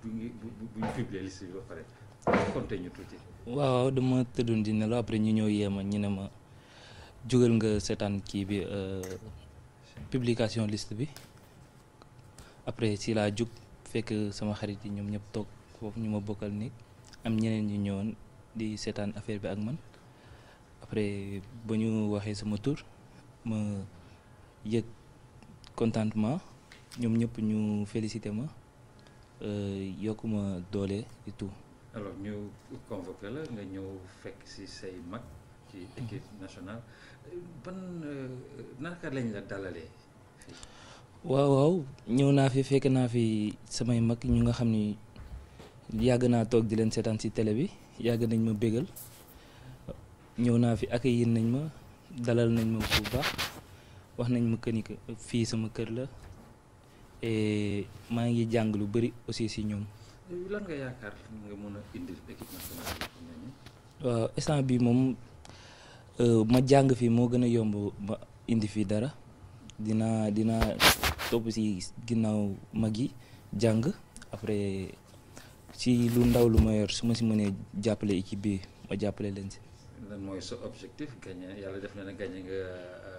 buñ buñ publier liste bi ba pare konté ñu tuuti waaw dama tëddoon dina la après ñu ñëw yéema ñu ma jógal nga seetaan kii bi euh, publication liste bi après si laa jug fekk sama xarit yi ñoom ñëpp toog foofu ñu ma ni am ñeneen ñu ñëwoon di seetaan affaire bi ak man après ba ñu waxee sama tour ma yëg contentement ñoom ñëpp ñu félicité ma Euh, yokku ma doole et ñu convoqué la nga ñëw fekk ci say mag. ci équipe nationale ban euh, naka lañ la dalalee. waaw waaw ñëw naa fi fekk naa fi samay mag ñu nga xam ni yàgg naa toog di leen seetaan ci télé bi yàgg nañ ma bégal ñëw naa fi accueillir nañ ma dalal nañ ma bu baax wax nañ ma que fii sama kër la. Eh, maa ngi jàng lu bari aussi si ñoom. lan nga yaakaar nga mën a indil équipe nationale bi moom euh, ma jàng fii moo gën a yomb ma indi fii dara dinaa dinaa topp si ginnaaw mag yi jàng après si lu ndaw lu ma yor su ma si mënee jàppale équipe bi ma jàppale leen si. lan mooy sa objectif gagné yàlla def na ne nga. Euh,